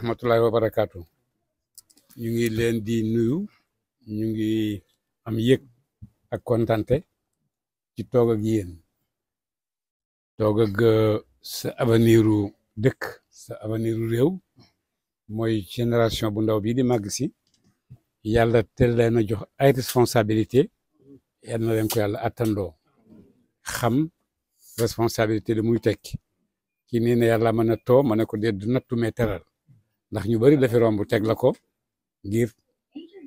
rahmatullahi wa barakaatu ñu ngi leen di nuyu ñu ngi am yëg ak kontante ci toog ak yéen toog ak euh, sa aveniru dëkk sa aveniru réew mooy génération bu ndaw bii di màgg si yàlla tel leen a jox ay responsabilité yal na leen ko yàlla attandoo xam responsabilité li muy tekki ki nee na yàlla mën a too mën a ko dee nattu mee teral ndax ñu bari dafi romb teg la ko ngir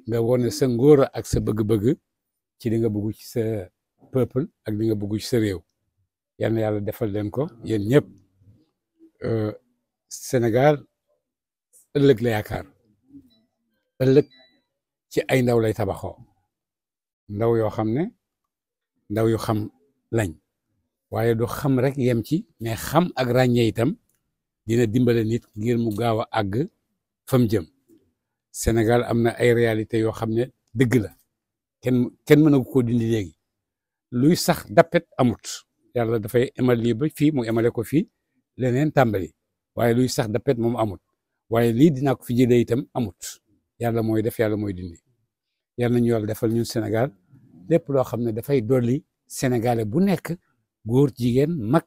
nga wone sa ngóor ak sa bëgg-bëgg ci li nga bëgg ci sa peuple ak li nga bëgg ci sa réew yàlla defal leen ko yéen ñëpp euh, senegal ëllëg la yaakaar ëllëg ci ay ndaw lay tabaxoo ndaw yoo xam ne ndaw yu xam lañ waaye du xam rek yem ci mais xam ak ràññee itam dina dimbale nit ngir mu gaaw a àgg fa jëm Sénégal am na ay réalité yoo xam ne dëgg la kenn kenn mënagu ko dindi léegi luy sax dappet amut yàlla dafay emal lii ba fii mu emale ko fii leneen tàmbali waaye luy sax dappet moom amut waaye lii dinaa ko fi jëlee itam amut yàlla mooy def yàlla mooy dindi yàlla nañu yàlla defal ñun senegal lépp loo xam ne dafay dolli sénégalais bu nekk góor jigéen mag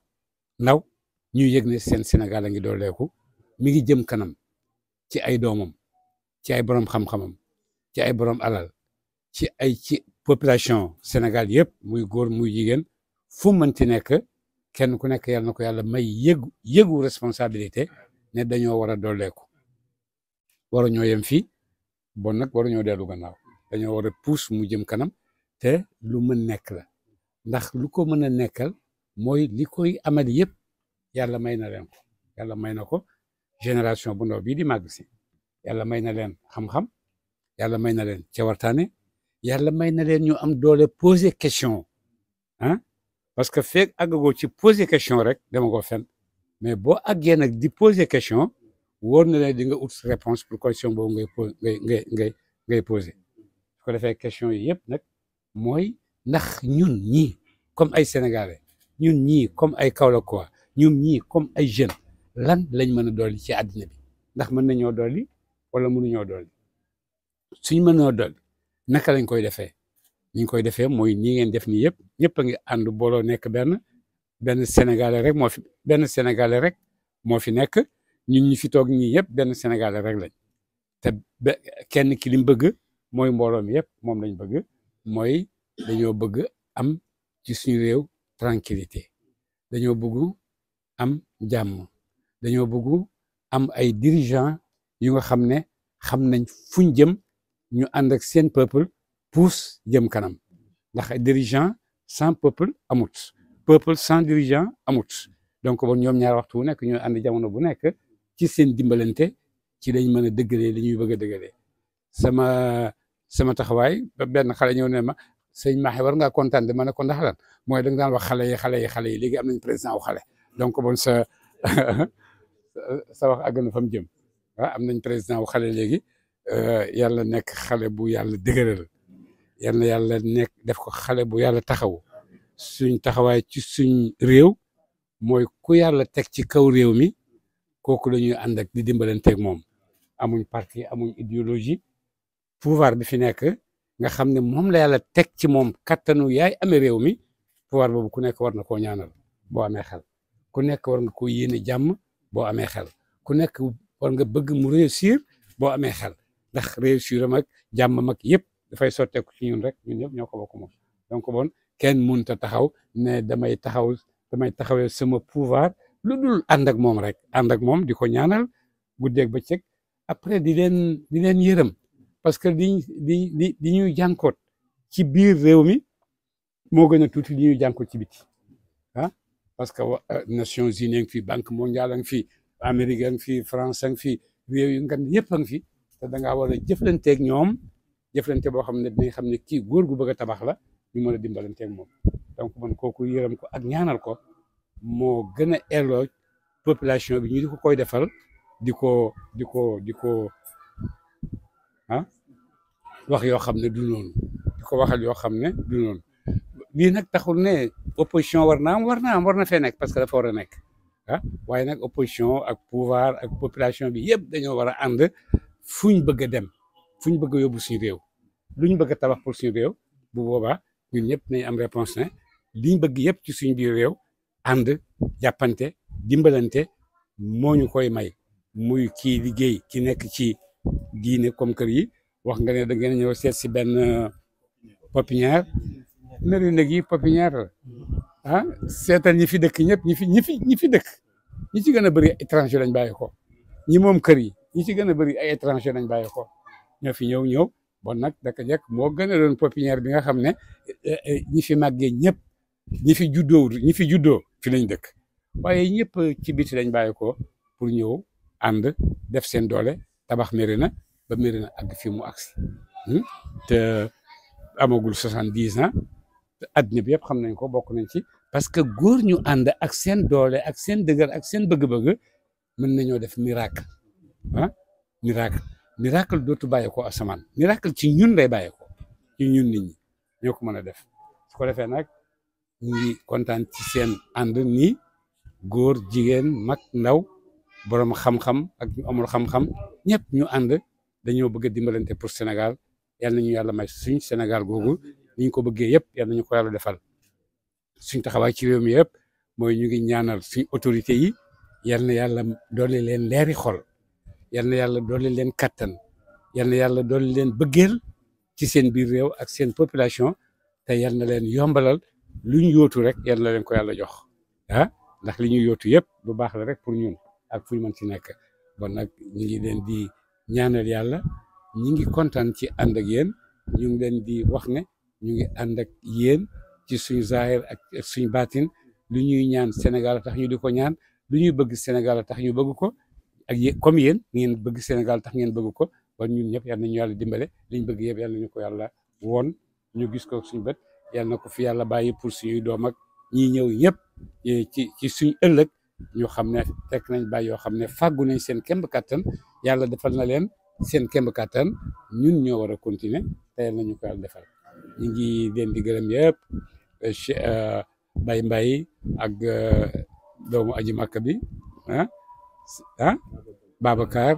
naw ñuy yëg ne seen Sénégal a ngi dooleeku mi ngi jëm kanam ci ay doomam ci ay borom xam-xamam ci ay borom alal ci ay ci population Sénégal yëpp muy góor muy jigéen fu mënti nekk kenn ku nekk yàlla na ko yàlla may yëgu yëgu responsabilité ne dañoo war a dooleeku waru ñoo yem fi bon nag waru ñoo dellu gannaaw dañoo war a pousse mu jëm kanam te lu mën nekk la ndax lu ko mën a nekkal mooy li koy amal yëpp yàlla may na leen ko yàlla may na ko génération bu ndaw bii di màgg si yàlla may na leen xam-xam yàlla may na leen cewartaane yàlla may na leen ñu am doole poser question ah parce que feeg àggagoo ci poser question rek dama ko fen mais boo àggee nag di poser question wóor na leen di nga ut réponse pour question boobu ngay ngay ngay ngay ngay poser su ko defee question yi yëpp nag mooy ndax ñun ñii comme ay sénégalais ñun ñii comme ay kaolakois ñoom ñii comme ay jeunes lan lañ mën a dolli ci àddina bi ndax mën nañoo dolli wala mënuñoo dolli suñ mën mënoo dolli naka lañ koy defee ni ñu koy defee mooy nii ngeen def nii yëpp ñëpp ngi ànd mbooloo nekk benn benn sénégalais rek moo fi benn sénégalais rek moo fi nekk ñun ñu fi toog ñii yëpp benn sénégalais rek lañ te kenn ki li bëgg mooy mbooloo mi yëpp moom lañ bëgg mooy dañoo bëgg am ci suñu réew tranquillité dañoo bëgg am jàmm dañoo bëgg am ay dirigeant yu nga xam ne xam nañ fuñ jëm ñu ànd ak seen peuple pousse jëm kanam ndax ay dirigeant sans peuple amut peuple sans dirigeant amut donc bon ñoom ñaar waxtu wu nekk ñooy ànd jamono bu nekk ci seen dimbalante ci lañ mën a dëggalee li ñuy bëgg a dëggalee sama sama taxawaay ba benn xale ñëw ne ma sëñ Mahi war ngaa kontaan de ma ne ko ndax mooy da nga daan wax xale yi xale yi xale yi léegi am nañ président wu xale donc bon sa sa wax àgg na fa jëm waaw ah, am nañ président wu xale léegi euh, yàlla nekk xale bu yàlla dëgëral yal na yàlla nekk def ko xale bu yàlla taxaw suñ taxawaay ci suñ réew mooy ku yàlla teg ci kaw réew mi kooku la ñuy ànd ak di dimbalanteeg moom amuñ parti amuñ idéologie pouvoir bi fi nekk nga xam ne moom la yàlla teg ci moom kattanu yaay amee réew mi pouvoir boobu ku nekk war na koo ñaanal boo amee xel ku nekk war nga ko yéene jàmm boo amee xel ku nekk war nga bëgg mu réussir boo amee xel ndax réussir am ak jàmm ak yëpp dafay sotteeku ci ñun rek ñun ñëpp ñoo ko bokk moom donc bon kenn mënut a taxaw mais damay taxaw damay taxawee sama pouvoir lu dul ànd ak moom rek ànd ak moom di ko ñaanal ba bëccëg après di leen di leen yërëm parce que di di di di ñuy jànkoot ci biir réew mi moo gën a tuuti di ñuy jànkoot ci biti ah. parce que euh, Nations Unies ngi fi banque mondiale a ngi fi Amérique a ngi fi France a fi réew ngan yëpp a ngi fi te da ngaa war a jëflanteeg ñoom jëflante boo xam ne dinañ xam ne kii góor gu bëgg a tabax la ñu mën a dimbalanteeg moom donc man kooku yërëm ko ak ñaanal ko moo gën a éloge population bi ñu di ko koy defal di ko di ko di ko ah wax yoo xam ne du noonu di ko waxal yoo xam ne du noonu lii nag taxul ne opposition war na am war na am war na fee nekk parce que dafa war nek nekk ah waaye nag opposition ak pouvoir ak population bi yëpp dañoo war a ànd fu ñu bëgg a dem fu ñu bëgg a yóbbu suñu réew lu ñu bëgg a tabax pour suñu réew bu boobaa ñun ñëpp nañ am réponse ne li ñu bëgg yëpp ci suñ bi réew ànd jàppante dimbalante moo ñu koy may muy ki liggéey ki nekk ci diine comme kër yi wax nga ne da ngeen ñëw seet si benn euh, neru nag yi pépinière la ah seetal ñi fi dëkk ñëpp ñi fi ñi fi ñi fi dëkk ñi ci gën a bëri étranger lañ bàyyi ko ñi moom kër yi ñi ci gën a bëri ay étranger lañ bàyyi ko ñoo fi ñëw ñëw bon nag daka jekk moo gën a doon pépinière bi nga xam ne eh, eh, eh, ñi fi màggee ñëpp ñi fi juddoo ñi fi juddoo fi lañ dëkk waaye ñëpp ci biti lañ bàyyi ko pour ñëw ànd def seen doole tabax Mérina ba Mérina àgg fi mu agsi hmm? te amagul soixante-dix ans adduna bi yëpp xam nañ ko bokk nañ ci parce que góor ñu ànd ak seen doole ak seen dëgër ak seen bëgg-bëgg mën nañoo def miracle ah miracle miracle dootu bàyyi ko asamaan miracle ci ñun lay bàyyi ko ci ñun nit ñi ñoo ko mën a def su ko defee nag ñu kontaan ci seen ànd nii góor jigéen mag ndaw borom xam-xam ak ñu amul xam-xam ñëpp ñu ànd dañoo bëgg a dimbalante pour Sénégal yal nañu yàlla may suñ Sénégal googu ni ko bëggee yëpp yal ñu ko yàlla defal suñ taxawaay ci réew mi yëpp mooy ñu ngi ñaanal suñ autorité yi yal na yàlla doole leen leeri xol yal na yàlla doole leen kattan yal yàlla doole leen bëggeel ci seen biir réew ak seen population te yal na leen yombalal lu ñu yóotu rek yal na leen ko yàlla jox ah ndax li ñu yóotu yëpp bu baax la rek pour ñun ak fu ñu mën nekk bon nag ñi ngi leen di ñaanal yàlla ñi ngi kontaan ci ànd ak yéen ñu ngi leen di wax ne ñu ngi ànd ak yéen ci suñu zahir ak suñu baatin lu ñuy ñaan Sénégal tax ñu di ko ñaan lu ñuy bëgg Sénégal tax ñu bëgg ko ak yéen comme yéen ngeen bëgg Sénégal tax ngeen bëgg ko war ñun ñëpp yal nañu yàlla dimbale liñ bëgg yëpp yal ñu ko yàlla woon ñu gis ko suñu bët yal na ko fi yàlla bàyyi pour suñuy doom ak ñi ñëw ñëpp ci ci suñu ëllëg ñu xam ne fekk nañ bàyyi yoo xam ne fàggu nañ seen kemb kàttan yàlla defal na leen seen kemb kàttan ñun ñoo war a continuer te yal nañu ko yàlla defal ñu ngi leen di gërëm yëpp eh, eh, bay mbay ak eh, doomu aji makka bi ah ah Babacar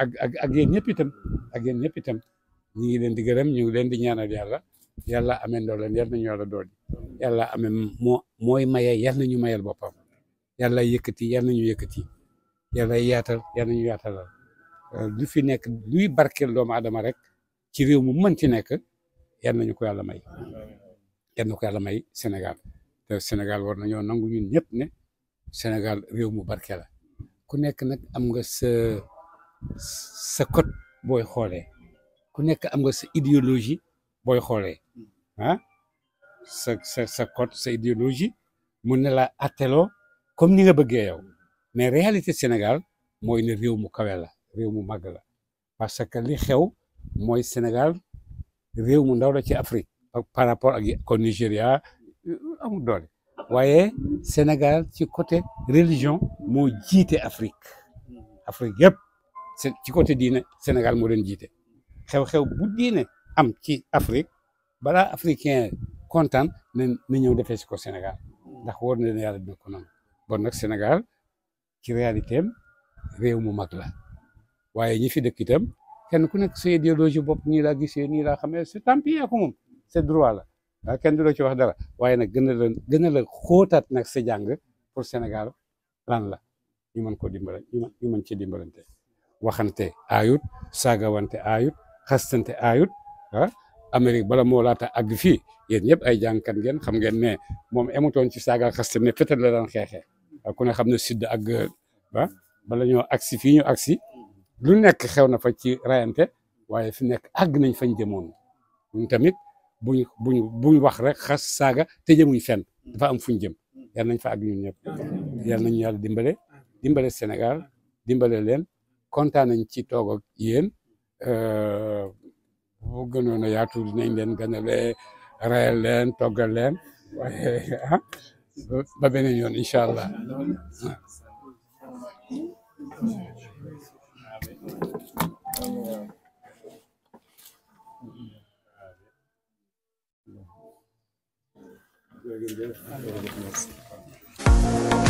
ak ak ak yéen ñëpp itam ak yéen ngi leen di gërëm ñu ngi leen di ñaanal yàlla yàlla amee ndoo leen yàlla nañu yàlla dool yàlla amee moo mooy maye yàlla mayal boppam yàlla yëkkati yàlla nañu yëkkati yàlla yaatal yàlla ñu yaatalal lu fi nekk luy barkeel doomu adama rek ci réew mu mënti nekk yan nañu ko yàlla may yan na may Sénégal te Sénégal war nañoo nangu ñun ñëpp ne Sénégal réew mu barke la ku nekk nag am nga sa sa code booy xoolee ku nekk am nga sa idéologie booy xoolee ah sa sa sa code sa idéologie mun na la atteloo comme ni nga bëggee yow mais Sénégal mooy ne réew mu kawe la réew mu màgg la parce que li xew mooy Sénégal réew mu ndaw la ci Afrique par rapport ak kon Nigéria euh, amul doole waaye Sénégal ci côté religion mu jiite Afrique Afrique yëpp ci côté diine Sénégal moo leen jiite xew-xew bu diine am ci Afrique balaa africain kontaan nañ na ñëw defee si ko Sénégal ndax war na leen yàlla dina ko nangu bon nag Sénégal ci réalité am réew mu mag la waaye ñi fi kenn ku nekk sa idéologie bopp nii laa gisee nii laa xamee c'est tant pis ak moom c'est droit la waaw ah, kenn du la ci wax dara waaye nag gën a la gën a nag se jàng pour Sénégal lan la ñu mën ko dimbala ñu mën ci dimbalante waxante aayut saagawante aayut xastante aayut ah Amérique bala moo laata àgg fi yéen ñëpp ay jàngkat ngeen xam ngeen ne moom emutoon ci saaga xaste mais la daan xeexee ku ne xam ne sud ak ah, bala ñoo agsi fii ñu agsi lu nekk xew na fa ci rayante waaye fi nekk àgg nañ fañ jëmoon tamit buñ buñ buñ wax rek xas saaga te jëmuñ fenn dafa am fuñ jëm yal nañ fa àgg ñun ñëpp yal nañu yàlla dimbale dimbale Sénégal dimbale leen kontaan nañ ci toog ak yéen bu gënoon a yaatu dinañ leen ganale rayal leen toggal leen waaye ah ba beneen yoon incha allah jërëjëf